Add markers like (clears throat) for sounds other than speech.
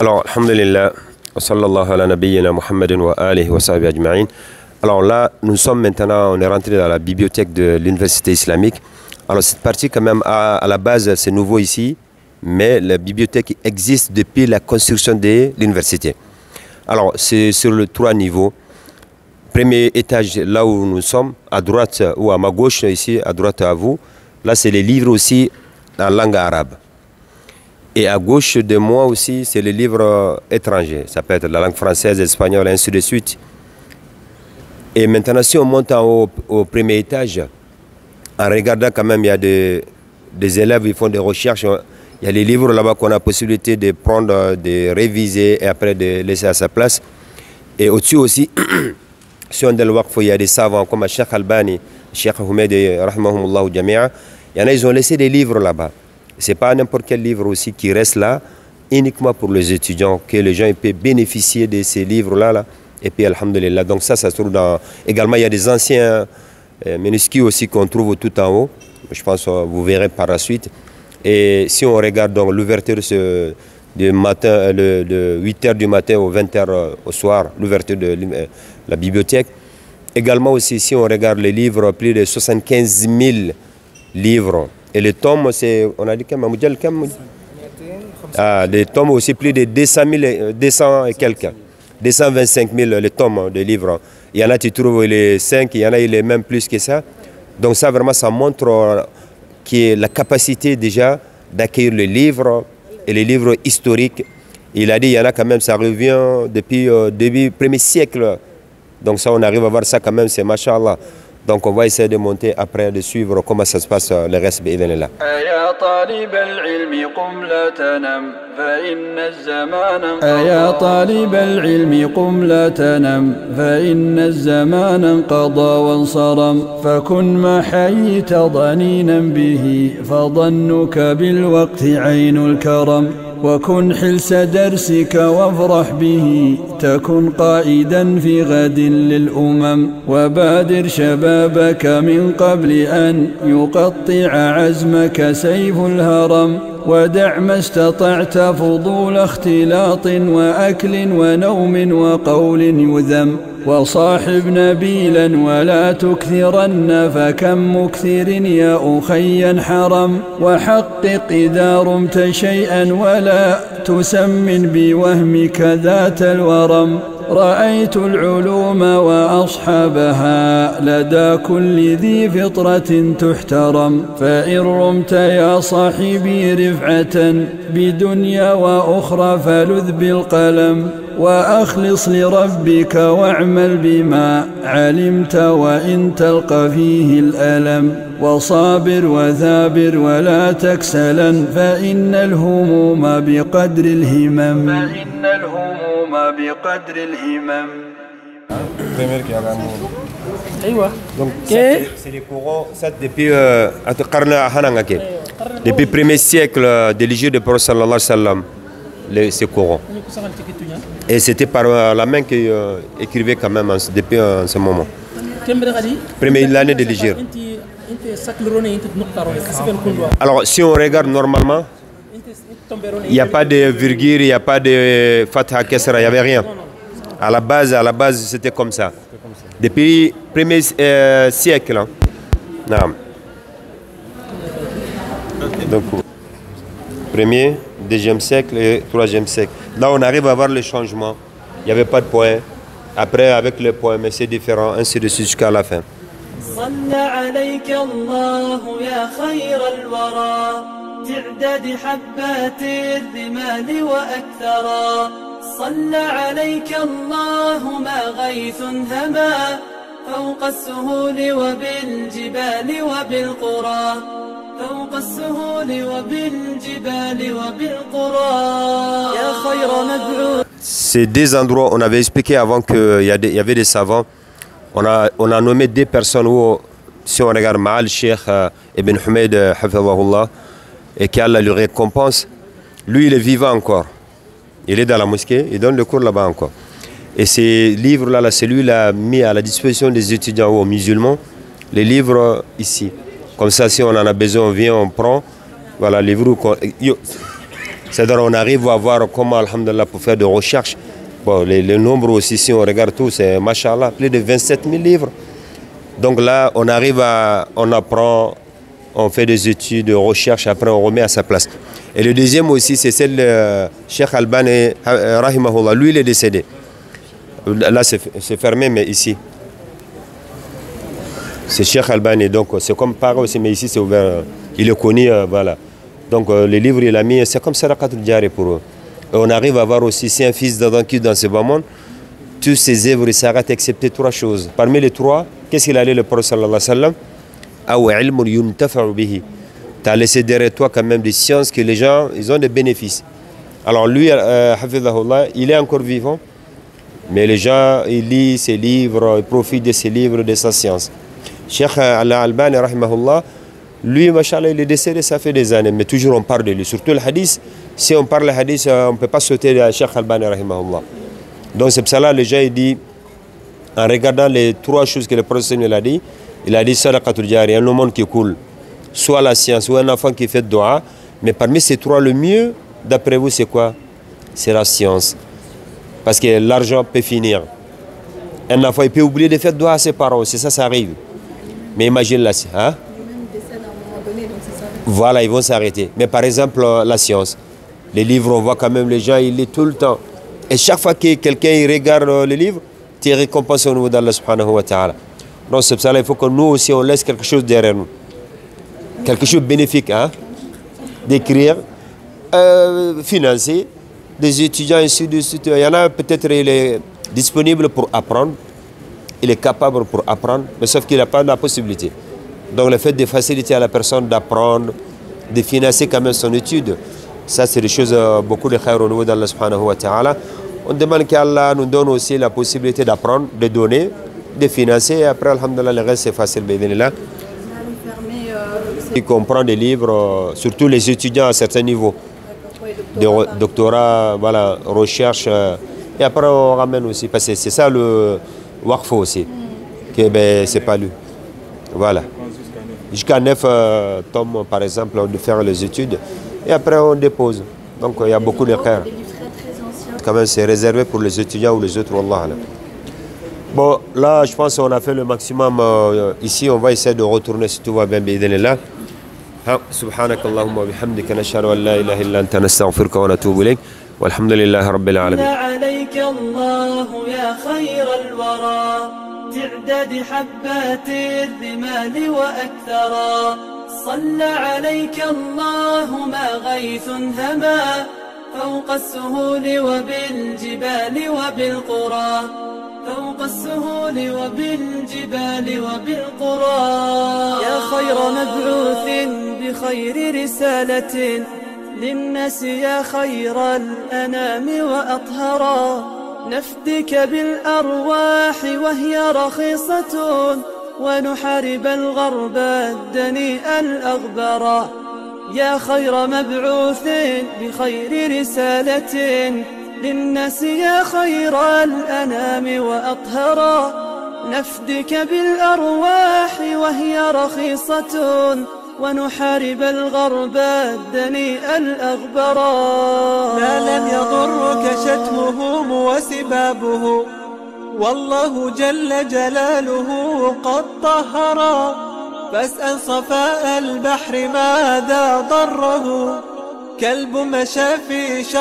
Alors, alhamdulillah, Alors là, nous sommes maintenant, on est rentré dans la bibliothèque de l'université islamique. Alors cette partie quand même, à, à la base, c'est nouveau ici, mais la bibliothèque existe depuis la construction de l'université. Alors c'est sur le trois niveaux. Premier étage, là où nous sommes, à droite ou à ma gauche ici, à droite à vous, là c'est les livres aussi en langue arabe. Et à gauche de moi aussi, c'est les livres étrangers. Ça peut être la langue française, espagnole, ainsi de suite. Et maintenant, si on monte en au premier étage, en regardant quand même, il y a des, élèves qui font des recherches. Il y a les livres là-bas qu'on a possibilité de prendre, de réviser et après de laisser à sa place. Et au-dessus aussi, (clears throat) sur on il y a des savants comme Cheikh Albani, Cheikh Houmed, Jamia. Il y en a, ils ont laissé des livres là-bas. Ce n'est pas n'importe quel livre aussi qui reste là, uniquement pour les étudiants, que les gens peuvent bénéficier de ces livres-là. Là. Et puis, Alhamdulillah, donc ça, ça se trouve dans... Également, il y a des anciens euh, aussi qu'on trouve tout en haut. Je pense que vous verrez par la suite. Et si on regarde donc l'ouverture du matin, euh, de 8h du matin au 20h euh, au soir, l'ouverture de euh, la bibliothèque, Également aussi, si on regarde les livres, plus de 75 000 livres et les tomes, c'est, on a dit qu'un ah, Les tomes aussi, plus de 200, 000, 200 et quelques. 225 000 les tomes de livres. Hein. Il y en a, tu trouves les 5, il y en a, il est même plus que ça. Donc ça, vraiment, ça montre euh, qui la capacité déjà d'accueillir les livres et les livres historiques. Il a dit, il y en a quand même, ça revient depuis le euh, début, premier siècle. Donc ça, on arrive à voir ça quand même, c'est machallah. Donc on va essayer de monter après, de suivre comment ça se passe euh, le reste là. أيا طالب العلم قم لا تنم أيا طالب العلم قم لا تنم فإن الزمان انقضى وانصرم فكن ما حييت ضنينا به فظنك بالوقت عين الكرم وكن حلس درسك وافرح به تكن قائدا في غد للأمم وبادر شبابك من قبل أن يقطع عزمك سيف الهرم ودع ما استطعت فضول اختلاط وأكل ونوم وقول يذم وصاحب نبيلا ولا تكثرن فكم مكثر يا أخي حرم وحقق إذا رمت شيئا ولا تسمن بوهمك ذات الورم رأيت العلوم وأصحابها لدى كل ذي فطرة تحترم فإن رمت يا صاحبي رفعة بدنيا وأخرى فلذ بالقلم وأخلص لربك واعمل بما علمت وإن تلقى فيه الألم وصابر وثابر ولا تكسلا فإن الهموم بقدر الهمم فإن الهموم اليوم بقدر الهمم Donc c'est les Corans, ça depuis euh, depuis le premier siècle euh, de l'Égypte de Prophète sallallahu alayhi wa les, ces Corans. Hein. Et c'était par euh, la main qui euh, écrivait quand même hein, depuis en ce moment. Premier l'année de l'Égypte. Alors si on regarde normalement, il n'y a pas de virgule, il n'y a pas de fatha il n'y avait rien. À la base, à la base, c'était comme ça. Depuis le 1 euh, siècle. Non. Hein. Donc, premier, deuxième siècle et troisième siècle. Là, on arrive à voir le changement. Il n'y avait pas de point. Après, avec le point, mais c'est différent, ainsi de suite jusqu'à la fin. تعداد حبات الرمال وأكثرا صلى عليك الله ما غيث هما فوق السهول وبالجبال وبالقرى فوق السهول وبالجبال وبالقرى يا خير مدعو Ces deux endroits, on avait expliqué avant qu'il y, avait des savants. On a, on a nommé deux personnes où, si on regarde Maal Sheikh Ibn Humayd, Hafizahullah, et qu'Allah lui récompense. Lui, il est vivant encore. Il est dans la mosquée, il donne le cours là-bas encore. Et ces livres-là, -là, c'est lui a mis à la disposition des étudiants ou aux musulmans, les livres ici. Comme ça, si on en a besoin, on vient, on prend. Voilà, les livres. C'est-à-dire, on arrive à voir comment, alhamdulillah, pour faire des recherches. Bon, les, nombres aussi, si on regarde tout, c'est machallah, plus de 27 000 livres. Donc là, on arrive à, on apprend on fait des études de recherche, après on remet à sa place. Et le deuxième aussi, c'est celle de euh, Cheikh Albani, euh, Rahimahullah. Lui, il est décédé. Là, c'est fermé, mais ici. C'est Cheikh Albani, donc euh, c'est comme par aussi, mais ici, c'est ouvert. Il est connu, voilà. Donc les livres, il a mis, c'est comme Sarakat Diaré pour eux. on arrive à voir aussi, si un fils d'Adam qui dans ce bas monde, tous ses œuvres, s'arrêtent excepté trois choses. Parmi les trois, qu'est-ce qu'il allait le prophète sallallahu alayhi wa sallam tu as laissé derrière toi quand même des sciences que les gens, ils ont des bénéfices. Alors lui, euh, il est encore vivant, mais les gens, ils lisent ses livres, ils profitent de ses livres, de sa science. Cheikh Al-Albani, lui, il est décédé, ça fait des années, mais toujours on parle de lui. Surtout le hadith, si on parle le hadith, euh, on ne peut pas sauter de Cheikh Al-Albani, Donc c'est pour ça, les gens, ils disent, en regardant les trois choses que le prophète a dit, il a dit y a un monde qui coule, soit la science, soit un enfant qui fait doigt. Mais parmi ces trois, le mieux, d'après vous, c'est quoi C'est la science. Parce que l'argent peut finir. Un enfant, il peut oublier de faire doha à ses parents, c'est ça, ça arrive. Mais imagine la science. Hein? Voilà, ils vont s'arrêter. Mais par exemple, euh, la science. Les livres, on voit quand même les gens, ils lisent tout le temps. Et chaque fois que quelqu'un regarde euh, le livre, tu es récompensé au niveau d'Allah subhanahu wa ta'ala. Donc c'est ça il faut que nous aussi on laisse quelque chose derrière nous. Quelque chose de bénéfique, hein? d'écrire, euh, financer, des étudiants ainsi Il y en a peut-être, il est disponible pour apprendre, il est capable pour apprendre, mais sauf qu'il n'a pas la possibilité. Donc le fait de faciliter à la personne d'apprendre, de financer quand même son étude, ça c'est des choses, euh, beaucoup de khair au niveau d'Allah wa ta'ala. On demande qu'Allah nous donne aussi la possibilité d'apprendre, de donner, de financer. après, Alhamdulillah le reste, c'est facile, là. Il comprend des livres, surtout les étudiants à certains niveaux. de doctorat voilà, recherche. Euh, et après, on ramène aussi, parce que c'est ça le Warfo aussi, que ben, c'est pas lu. Voilà. Jusqu'à 9 euh, tomes, par exemple, de faire les études. Et après, on dépose. Donc, il y a beaucoup de cas. Quand même, c'est réservé pour les étudiants ou les autres, Wallah. Bon, là, je pense qu'on a fait le maximum. Euh, ici, on va essayer de retourner si tout va bien, là. سبحانك اللهم وبحمدك نشهد أن لا إله إلا أنت نستغفرك ونتوب إليك والحمد لله رب العالمين عليك الله يا خير الورى تعداد حبات الرمال وأكثرا صلى عليك الله ما غيث هما فوق السهول وبالجبال وبالقرى فوق السهول وبالجبال وبالقرى يا خير مبعوث بخير رسالة للناس يا خير الأنام وأطهرا نفدك بالأرواح وهي رخيصة ونحارب الغرب الدنيء الأغبرا يا خير مبعوث بخير رسالة للناس يا خير الأنام وأطهرا نفدك بالأرواح وهي رخيصة ونحارب الغرب الدنيء الأغبرا لا لم يضرك شتمهم وسبابه والله جل جلاله قد طهرا فاسأل صفاء البحر ماذا ضره كلب مشى في